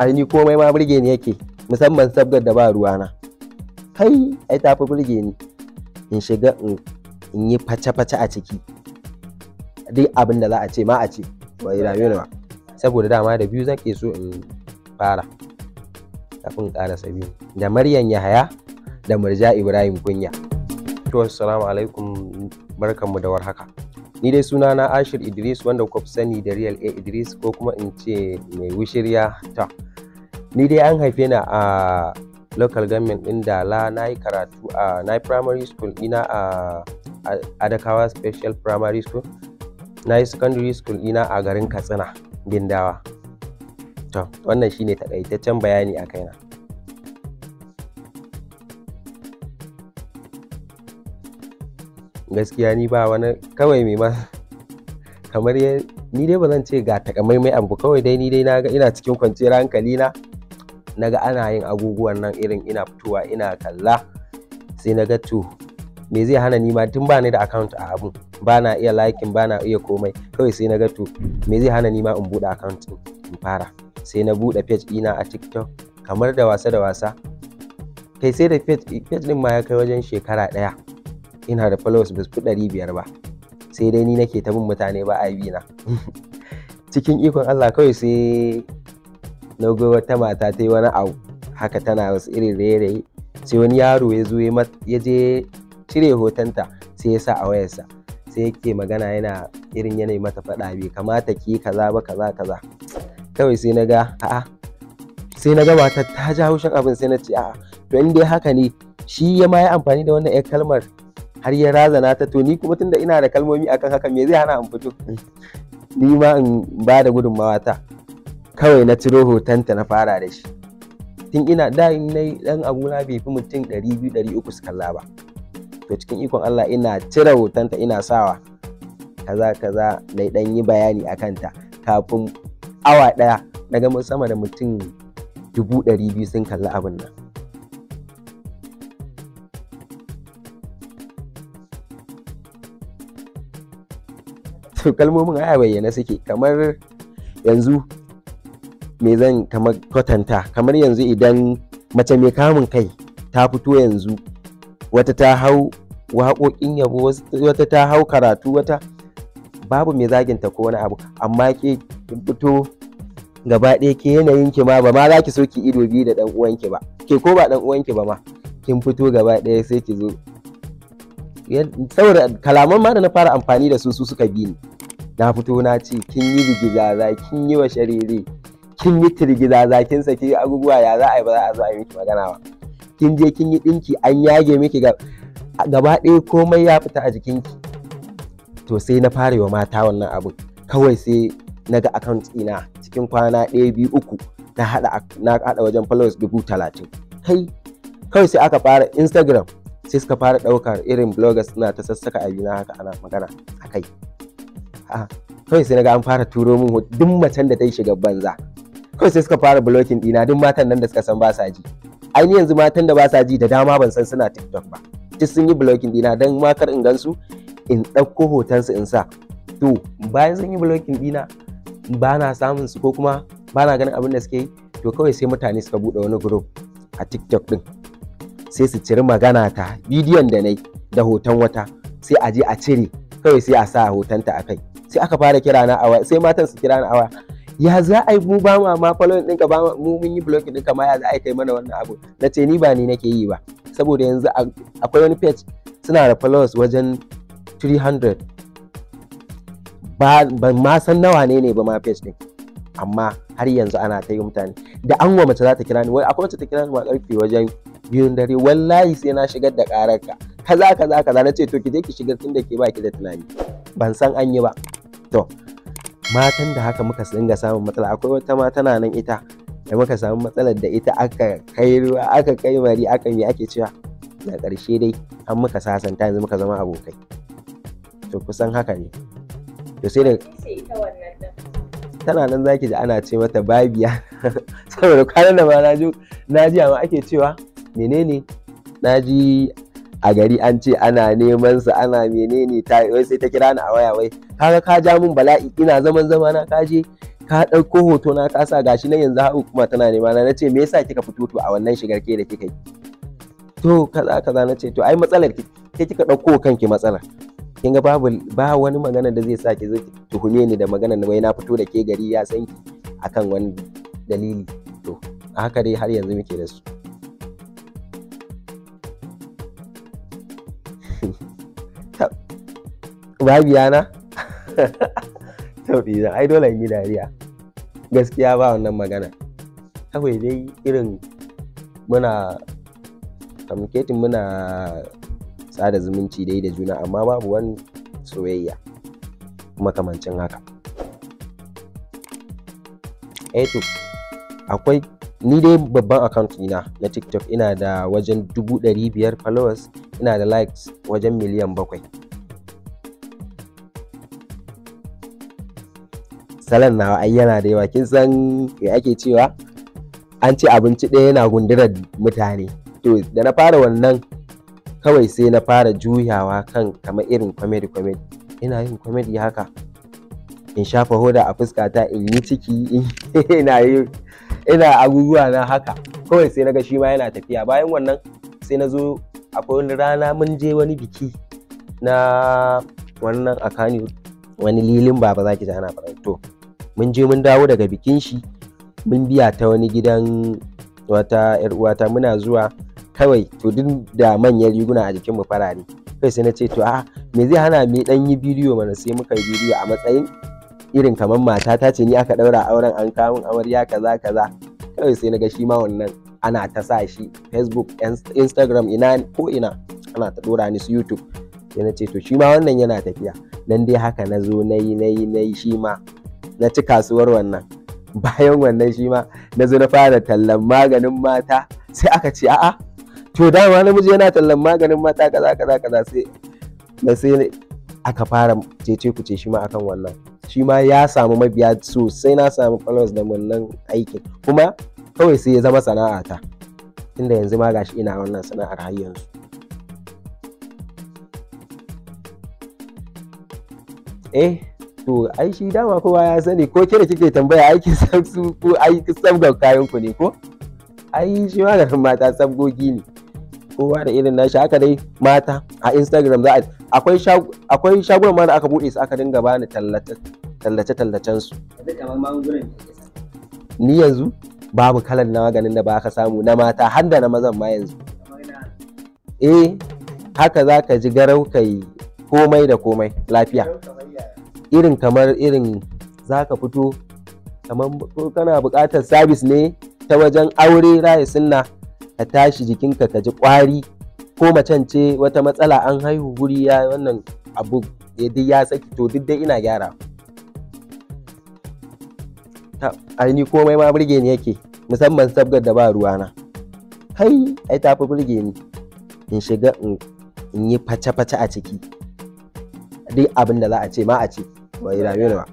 ai ni komai ma burge ni yake musamman sabgar da ba ruwana kai ai ta fi burge ni in shiga in yi face-face a ciki duk abin da za a ce ma a ce bai dame ne ba saboda dama da biyu zan ke so in fara kafin karasa biyu da Maryam yahaya da murja ibrahim kunya to assalamu alaikum barkanmu da haka. ni dai suna na ashir idris wanda kuka sani da real a idris ko kuma in ce mai wishirya. ta ni dai an haife na a local government din dala na yi karatu a na primary school ina a adakawa special primary school na yi secondary school ina a garin katsina bindawa to wannan shine takaitaccen bayani a kaina gaskiya ni ba wani kawai mai ma kamar ni dai ba zan ce ga takamaimai abu kawai dai ni dai na ga ina cikin kwanciyar hankali na na ga ana yin abubuwan nan irin ina fitowa ina kalla sai na ga to me zai hana ni ma tun ba ni da account a abu? ba na iya liking ba na iya komai kawai sai na ga to me zai hana ni ma in buɗe account in fara sai na buɗe page ɗina a TikTok kamar da wasa da wasa kai sai da page din ma ya kai wajen shekara ɗaya ina da followers ba fi ɗari biyar ba sai dai ni nake ta bin mutane ba a na cikin ikon Allah kawai sai na ga wata mata ta yi wani abu haka tana wasu irin rairayi sai wani yaro ya zo ya je cire hotonta sai ya sa a wayarsa sai yake magana yana irin yanayi mata faɗa bai kamata ki kaza ba kaza kaza kawai sai na ga a'a sai na ga wata ta ja haushin abin sai na ce a'a to in dai haka ne shi ya ma ya amfani da wannan 'yar kalmar har ya razana ta to ni kuma tunda ina da kalmomi akan haka me zai hana in fito ni ma in ba da gudunmawa ta kawai na ciro hotonta na fara da shi tun ina da na dan abuna bai fi mutum 200-300 su kalla ba to cikin ikon Allah ina cire hotonta ina sawa kaza kaza na dan yi bayani a kanta kafin awa daya daga gama sama da mutum 200 sun kalla abin nan to kalmomin a bayyana suke kamar yanzu me zan kwatanta kamar yanzu idan mace mai kamun kai ta fito yanzu wata ta hau waƙoƙin yabo wata ta hau karatu wata babu mai zaginta ko wani abu amma ke fito gaba ɗaya ke yanayin ki ma ba ma za ki so ki ido biyu da ɗan uwanki ba ke ko ba ɗan uwanki ba ma kin fito gaba ɗaya sai ki zo saboda kalaman ma da na fara amfani da su su suka bi ni na fito na ce kin yi rigizaza kin yi wa shariri kin yi tirgizaza kin saki abubuwa ya za a yi ba za a zo a yi miki magana ba kin je kin yi dinki an yage miki gaba ɗaya komai ya fita a jikinki to sai na fara wa mata wannan abu kawai sai na ga account ina cikin kwana ɗaya biyu uku na haɗa wajen followers dubu talatin kai kawai sai aka fara instagram sai suka fara ɗaukar irin bloggers suna ta sassaka na haka ana magana a kawai sai na ga an fara turo min duk macen da ta yi shiga banza kawai sai suka fara blocking dina duk matan nan da suka san ba sa ji ainihin yanzu matan da ba sa ji da dama ban san suna tiktok ba duk sun yi blocking dina dan ma in gansu in ɗauko hotonsu in sa to bayan sun yi blocking dina ba na samun su ko kuma ba na ganin abin da suke yi to kawai sai mutane suka buɗe wani group a tiktok din sai su ciri magana ta bidiyon da na yi da hoton wata sai a je a cire kawai sai a sa hotonta a kai sai aka fara kira na awa sai matan su kira na awa ya za a yi mu ba ma ma following ɗinka ba mu mun yi blocking ɗinka ma ya za a yi kai mana wannan abu na ce ni ba ni nake yi ba saboda yanzu akwai wani page suna da followers wajen 300 ba ma san nawa ne ne ba ma page ɗin amma har yanzu ana ta yi mutane da an wa mace za ta kira ni wai akwai mace ta kira ni ma karfe wajen biyun dare wallahi sai na shigar da karar ka kaza kaza kaza na ce to ki je ki shigar tun da ke ki da tunani ban san an yi ba to matan da haka muka dinga samun matsala akwai wata ma tana nan ita da muka samu matsalar da ita aka kai ruwa aka kai mari aka yi ake cewa na ƙarshe dai an muka sasanta yanzu muka zama abokai to kusan haka ne to sai da tana nan zaki ji ana ce mata babiya saboda kwanan da ma na ji amma ake cewa menene na ji a gari an ce ana neman su ana menene ta wai sai ta kira ni a waya wai kaga ka ja min bala'i ina zaman zama na kaje ka ɗauko hoto na ka sa gashi na yanzu haɗu kuma tana nema na nace me yasa kika fito to a wannan shigar ke da kika yi to kaza kaza nace to ai matsalar ki ke kika ɗauko kanki matsala kin ga babu ba wani magana da zai sa ki zo tuhume ni da magana wai na fito da ke gari ya san ki akan wani dalili to haka dai har yanzu muke da su babiya na tauɗi zan ai dole in yi dariya gaskiya ba wannan magana kawai dai irin muna communicating muna sada zumunci dai da juna amma babu wani soyayya makamancin haka eto eh akwai ni dai babban account ina na tiktok ina da wajen 500 followers ina da likes wajen miliyan bakwai salon nawa ai yana da yawa kin san me ake cewa an ce abinci ɗaya yana gundurar mutane to da na fara wannan kawai sai na fara juyawa kan kamar irin comedy comedy ina yin comedy haka in shafa hoda a fuskata in yi ciki ina yi ina abubuwa na haka kawai sai naga shi ma yana tafiya bayan wannan sai na zo akwai wani rana mun je wani biki na wannan a wani lilin baba za ki ji ana faranto. to mun je mun dawo daga bikin shi mun biya ta wani gidan wata yar uwata muna zuwa kawai to duk da manyan riguna a jikin mu farare kai sai na ce to a me zai hana me dan yi bidiyo mana sai muka yi bidiyo a matsayin irin kamar mata ta ce ni aka daura auren an kawo amarya kaza kaza kawai sai na ga shi ma wannan ana ta sa shi facebook instagram ina ko ina ana ta dora ni su youtube sai na ce to shi ma wannan yana tafiya nan dai haka na zo na yi shi ma na ci kasuwar wannan bayan wannan shi ma na zo na fara tallan maganin mata sai aka ce a'a to dama namiji yana tallan maganin mata kaza kaza kaza sai na sai aka fara cece ku ce shi ma akan wannan shi ma ya samu mabiya sosai na samu followers da wannan aikin kuma kawai sai ya zama sana'a ta, inda yanzu ma gashi ina wannan sana'ar har yanzu eh to ai shi dama kowa ya sani ko kira kike tambaya aiki san su ko ai ga kayan ku ne ko ai shi maganin mata sabgogi ne kowa da irin nashi haka dai mata a instagram za a akwai akwai shagunan ma da aka bude su aka dinga bani tallace tallace tallacen su ni yanzu babu kalan na maganin da ba ka samu na mata har da na mazan ma yanzu eh haka za ka ji garau kai komai da komai lafiya irin kamar irin za ka fito kamar kana buƙatar sabis ne ta wajen aure raya sunna ka tashi jikinka ka ji ƙwari ko macen ce wata matsala an haihu guri ya wannan abu ya duk ya saki to duk dai ina gyara ta ni komai ma burge ni yake musamman sabgar da ba ruwana kai ai ta fi burge ni in shiga in yi face-face a ciki duk abin da za a ce ma a ce dame ni ba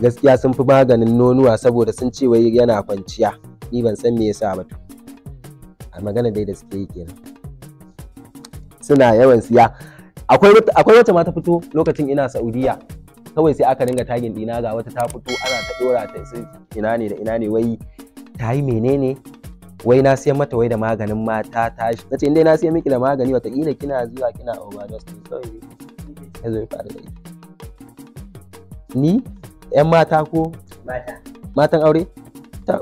gaskiya sun fi maganin nonuwa saboda sun ce wai yana kwanciya ni ban san me yasa ba a magana dai da suke yi kenan suna yawan siya akwai wata ma ta fito lokacin ina saudiya kawai sai aka dinga tagin dina ga wata ta fito ana ta dora ta ina ne da ina ne wai ta yi menene wai na sai mata wai da maganin mata ta shi ce indai na sai miki da magani wataƙila kina zuwa kina overdose ne kawai ya zo ya faru da ni yan mata ko mata matan aure ta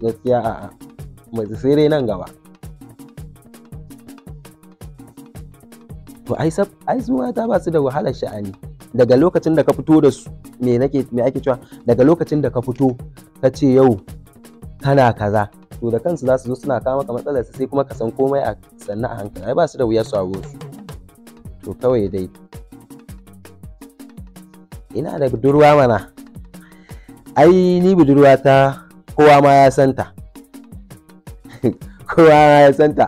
gaskiya a mai tsere dai nan gaba to ai sab ai su mata ba su da wahalar sha'ani daga lokacin da ka fito da su me nake me ake cewa daga lokacin da ka fito ka ce yau kana kaza to da kansu za su zo suna kawo maka matsalar sai kuma ka san komai a sannan a hankali ai ba su da wuya su abu su to kawai dai ina da budurwa mana ai ni budurwa ta kowa ma ya santa kowa ma ya santa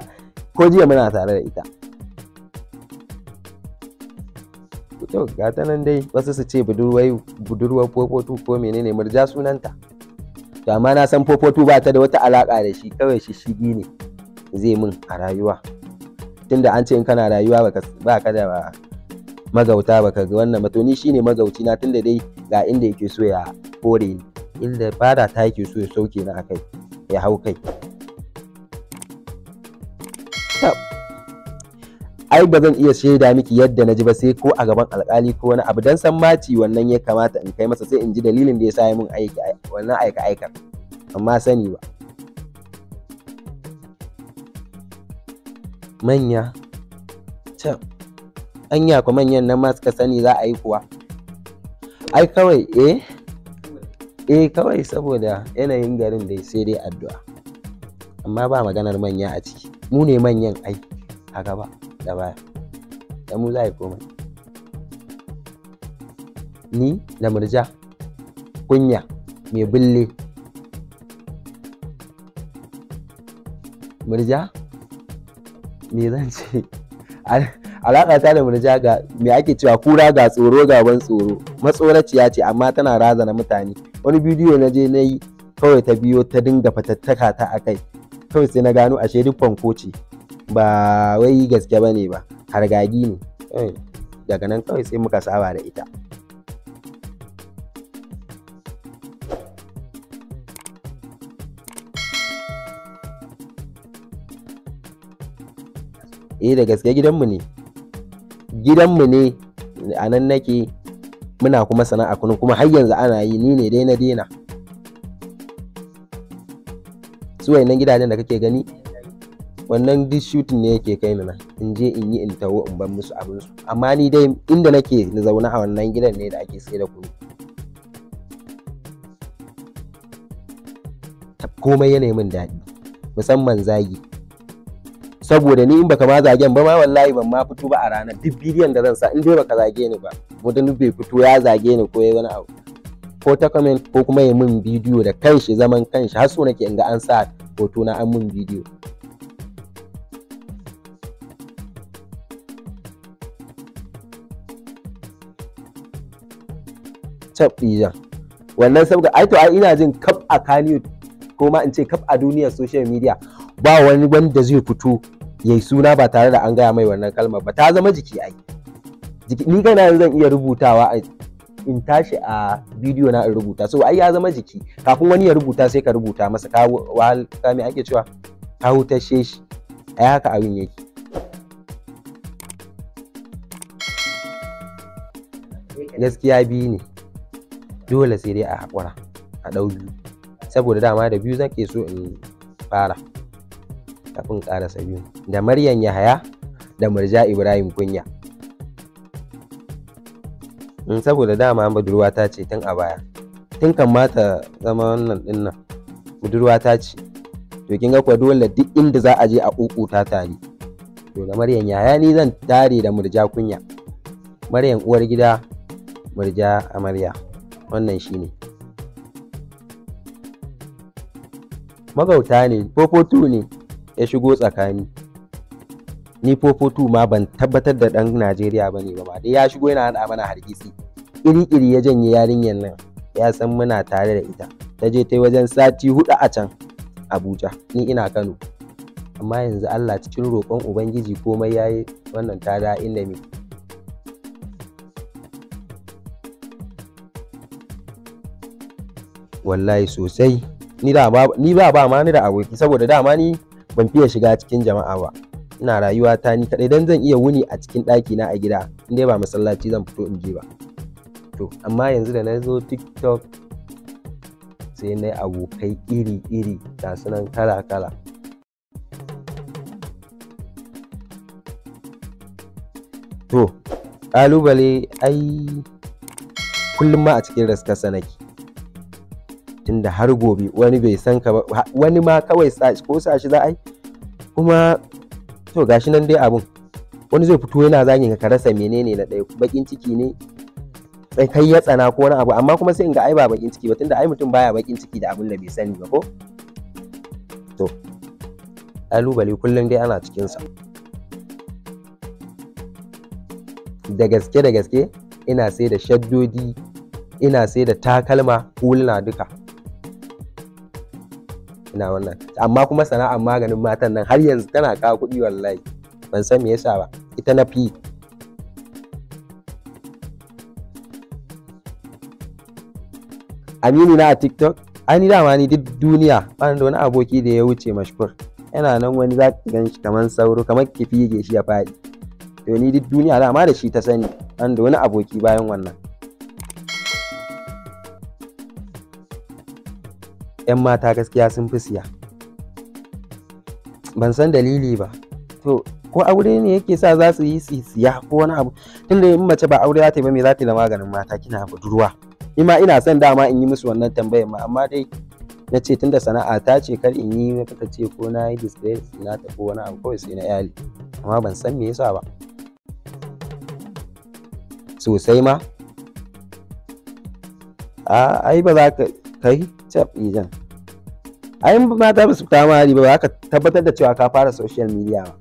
ko jiya muna tare da ita to ga ta nan dai wasu su ce budurwa budurwar popotu ko menene murja sunanta to amma na san 442 ba ta da wata alaka da shi kawai shi shigi ne zai mun a rayuwa tunda an ce in kana rayuwa ba ka da magauta ba ka ga wannan matoni ni shine magauci na tunda dai ga inda yake so ya kore ni inda fada ta yake so ya sauke ni akai ya hau kai ai ba zan iya shaida miki yadda na ji ba sai ko a gaban alkali ko wani abu dan san maci wannan ya kamata in kai masa sai in ji dalilin da ya sa min aiki wannan aika aika amma sani ba manya can anya ku manyan nan ma suka sani za a yi kuwa ai kawai eh eh kawai saboda yanayin garin dai sai dai addu'a amma ba maganar manya a ciki mu ne manyan ai a gaba da baya da mu za a yi komai ni da murja kunya mai bulle, murja me zan ce alaƙa ta da murja ga me ake cewa kura ga tsoro ga ban tsoro matsoraciya ce amma tana razana mutane wani bidiyo na je na yi kawai ta biyo ta dinga fatattaka ta a kai kawai sai na gano ashe duk koci ce ba wai gaske ba ne ba hargagi ne eh. daga nan kawai sai muka saba da ita eh da gaske gidanmu ne gidanmu ne a nan nake muna kuma sana'a kunu kuma har yanzu ana yi ni ne dai na dena su wayannan gidajen da kake gani wannan duk shooting ne yake kai na in je in yi in taho in bar musu abin su amma ni dai inda nake na zauna a wannan gidan ne da ake sai da kunu komai yana min daɗi musamman zagi saboda ni in baka ma zagen ba ma wallahi ban ma fito ba a ranar duk bidiyon da zan sa in dai baka zage ni ba mutum bai fito ya zage ni ko ya wani abu ko ta comment ko kuma ya min bidiyo da kanshi zaman kanshi har so nake in ga an sa hoto na an min bidiyo sab wannan saboda ai to ai ina jin kaf a kaniyo ko ma in ce kaf a duniyar social media ba wani wanda zai fito yayi suna ba tare da an gaya mai wannan kalmar ba ta zama jiki ai jiki ni kana zan iya rubutawa in tashi a bidiyo na in rubuta so ai ya zama jiki kafin wani ya rubuta sai ka rubuta masa ka wahal ka mai ake cewa ka hutashe shi ai haka abin yake gaskiya biyu ne dole sai dai a haƙura a ɗau biyu saboda dama da biyu zake so in fara kafin ƙarasa biyu da maryam yahaya da murja ibrahim kunya in saboda dama budurwa ta ce tun a baya tun kan mata zama wannan dinnan budurwa ta ce to kin ga kuwa dole duk inda za a je a ƙuƙuta tare to da maryam yahaya ni zan tare da murja kunya maryam uwar gida murja amarya wannan ne magauta ne popotu ne ya shigo tsakani ni fofotu ma ban tabbatar da ɗan najeriya ba ne ba ya shigo yana haɗa mana hargitsi iri-iri ya janye yarinyar nan ya san muna tare da ita ta je ta yi wajen sati hudu a can abuja ni ina kano amma yanzu allah cikin roƙon ubangiji komai ya yi wannan ta da inda me wallahi sosai ni ba ba ma ni da aboki saboda dama ni ban fiye shiga cikin jama'a ba ina rayuwa ta ni kadai dan zan iya wuni a cikin ɗaki na a gida in dai ba masallaci zan fito in je ba to amma yanzu da na zo tiktok sai na abokai iri-iri ga sunan kala-kala to ƙalubale ai kullum ma a cikin raskasa nake tunda har gobe wani bai san ka ba wani ma kawai ko sa shi za a yi kuma to gashi nan dai abun wani zai fito yana zagin ka rasa menene na ɗaya bakin ciki ne sai kai ya tsana ko wani abu amma kuma sai in ga ai ba bakin ciki ba tunda ai mutum baya bakin ciki da abin da bai sani ba ko to kalubale kullum dai ana cikin sa da gaske da gaske ina sai da shaddodi ina sai da takalma huluna duka ina wannan amma kuma sana'ar maganin matan nan har yanzu tana kawo kuɗi wallahi ban san me yasa ba ita na fi aminu na a tiktok ani dama ni duk duniya bani da wani aboki da ya wuce mashkur yana nan wani za ka gan shi kamar sauro kamar kifi yake shi ya faɗi to ni duk duniya dama da shi ta sani ban da wani aboki bayan wannan 'yan mata gaskiya sun fi siya ban san dalili ba to ko aure ne yake sa za su yi siya ko wani abu tunda in mace ba aure za ta yi ba me za ta yi da maganin mata kina budurwa ima ina son dama in yi musu wannan tambayar ma amma dai na ce tunda sana'a ta ce kar in yi ta ce ko na yi disgrace na ta ko wani abu kawai sai na iyali amma ban san me yasa ba sosai ma a ai ba za ka kai cap ijan ai mata ba su fita mari ba ka tabbatar da cewa ka fara social media ba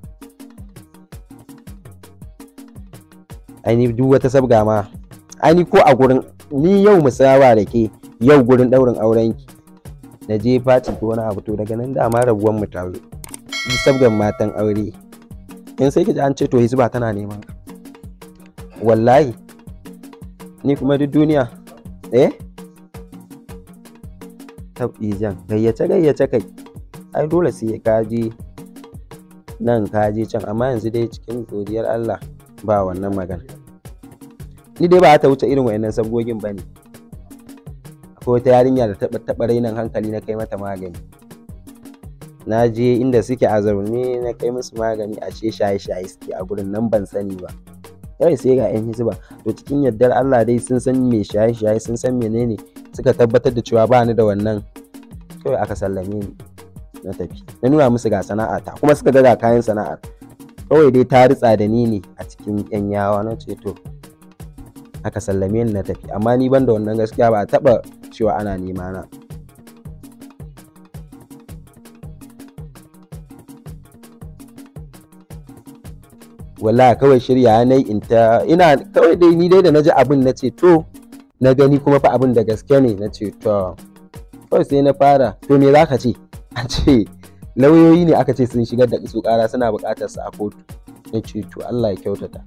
Aini ni duk wata sabga ma Aini ni ko a gurin ni yau musaba da ke yau gurin daurin auren ki na je fati ko wani abu to daga nan dama rabuwan mu ta zo ni sabgan matan aure in sai ki ji an ce to ba tana neman wallahi ni kuma duk duniya eh tabɗijan gayyace gayyace kai ai dole sai ka je nan ka je can amma yanzu dai cikin godiyar Allah ba wannan magana ni dai ba ta wuce irin wayannan sabgogin ba ne akwai wata yarinya da taɓa taɓa rainan hankali na kai mata magani na je inda suke a zaune na kai musu magani a ashe shaye shaye suke a gurin nan ban sani ba kawai sai ga yan hizba to cikin yardar Allah dai sun san me shaye shaye sun san menene suka tabbatar da cewa ba ni da wannan kawai aka sallame ni na tafi na nuna musu ga sana'a ta kuma suka ga ga kayan sana'ar kawai dai ta ritsa da ni ne a cikin yan yawa na ce to aka sallame ni na tafi amma ni ban da wannan gaskiya ba a taba cewa ana nema na walla kawai shirya na yi in ta ina kawai dai ni dai da na ji abin na ce to na gani kuma fa abin da gaske ne na ce to kawai sai na fara to me za ka ce an ce lauyoyi ne aka ce sun shigar da su kara suna buƙatar su a kotu na ce to Allah ya kyautata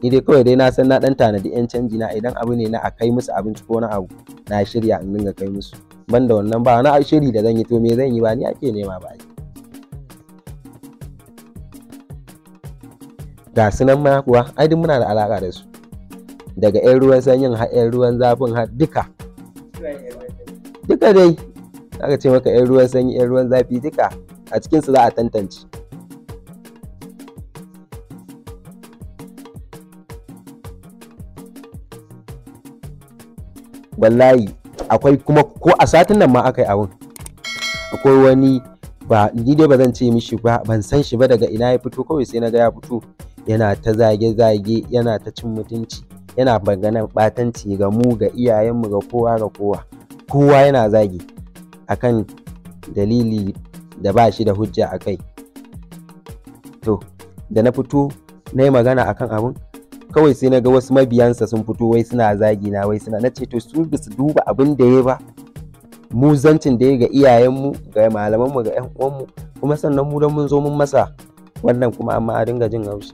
ni dai kawai dai na san na dan tanadi yan canji na idan abu ne na a kai musu abinci ko na abu na shirya in dinga kai musu ban da wannan ba na shiri da zan yi to me zan yi ba ni ake nema ba ga sunan ma kuwa ai duk muna da alaka da su daga 'yan ruwan sanyin har 'yan ruwan zafin har duka duka dai aka ce maka 'yan ruwan sanyi 'yan ruwan zafi duka a cikinsu za a tantance wallahi akwai kuma ko a satin nan ma aka yi abin akwai wani ba ni dai ba zan ce mishi ba ban san shi ba daga ina ya fito kawai sai na ga ya fito yana ta zage-zage yana ta cin mutunci yana maganar batanci ga mu ga iyayenmu ga kowa ga kowa kowa yana zagi akan dalili da ba shi da hujja a kai to da na fito na yi magana akan abun kawai sai na ga wasu mabiyansa sun fito wai suna zagi na wai suna na ce to su duba abin da ya ba mu zancin da ya ga iyayenmu ga malamanmu ga 'yan uwanmu kuma sannan mu don mun zo mun masa wannan kuma amma a dinga jin haushi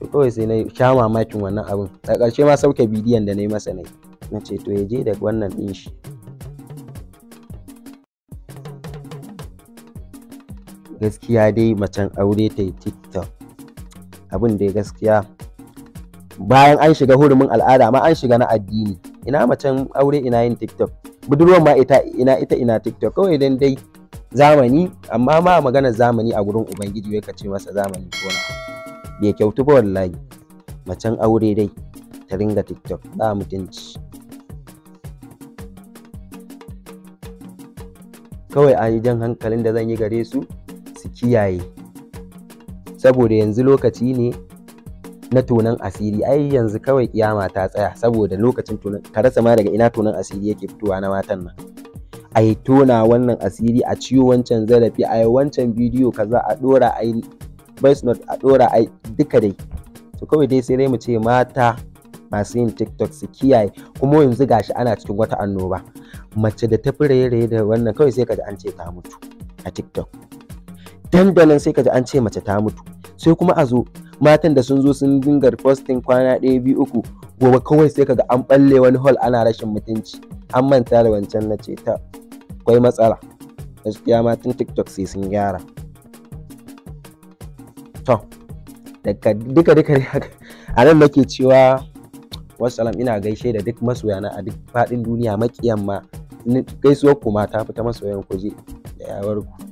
to kawai sai na sha mamakin wannan abin a ƙarshe ma sauke bidiyon da na yi masa ne na ce to ya je da wannan ɗin shi gaskiya dai macen aure ta yi tiktok abin da gaskiya bayan an shiga hurumin al'ada ma an shiga na addini ina macen aure ina yin tiktok budurwar ma ita ina ita ina tiktok kawai dan dai zamani amma ma maganar zamani a gurin ubangiji wai ka ce masa zamani ko na bai kyautu ba wallahi macen aure dai ta ringa tiktok ba mutunci kawai a yi jan hankalin da zan yi gare su su kiyaye saboda yanzu lokaci ne na tonon asiri ai yanzu kawai kiyama ta tsaya saboda lokacin tonon ka rasa ma daga ina tonon asiri yake fitowa na matan nan a yi tona wannan asiri a ciwo wancan zarafi a yi wancan bidiyo kaza a dora a voice note a dora ai duka dai to kawai dai sai dai mu ce mata masu yin tiktok su kiyaye kuma yanzu gashi ana cikin wata annoba mace da ta fi yare da wannan kawai sai kaji an ce ta mutu a tiktok dandalin sai kaji an ce mace ta mutu sai kuma a zo matan da sun zo sun dinga posting kwana ɗaya biyu uku gobe kawai sai kaga an balle wani hall ana rashin mutunci an manta da wancan na ce ta akwai matsala gaskiya matan tiktok sai sun gyara to daga duka duka a nan nake cewa wasalam ina gaishe da duk masoyana a duk faɗin duniya makiyan ma gaisuwar ku ma ta fita masoyan kuje da yawar ku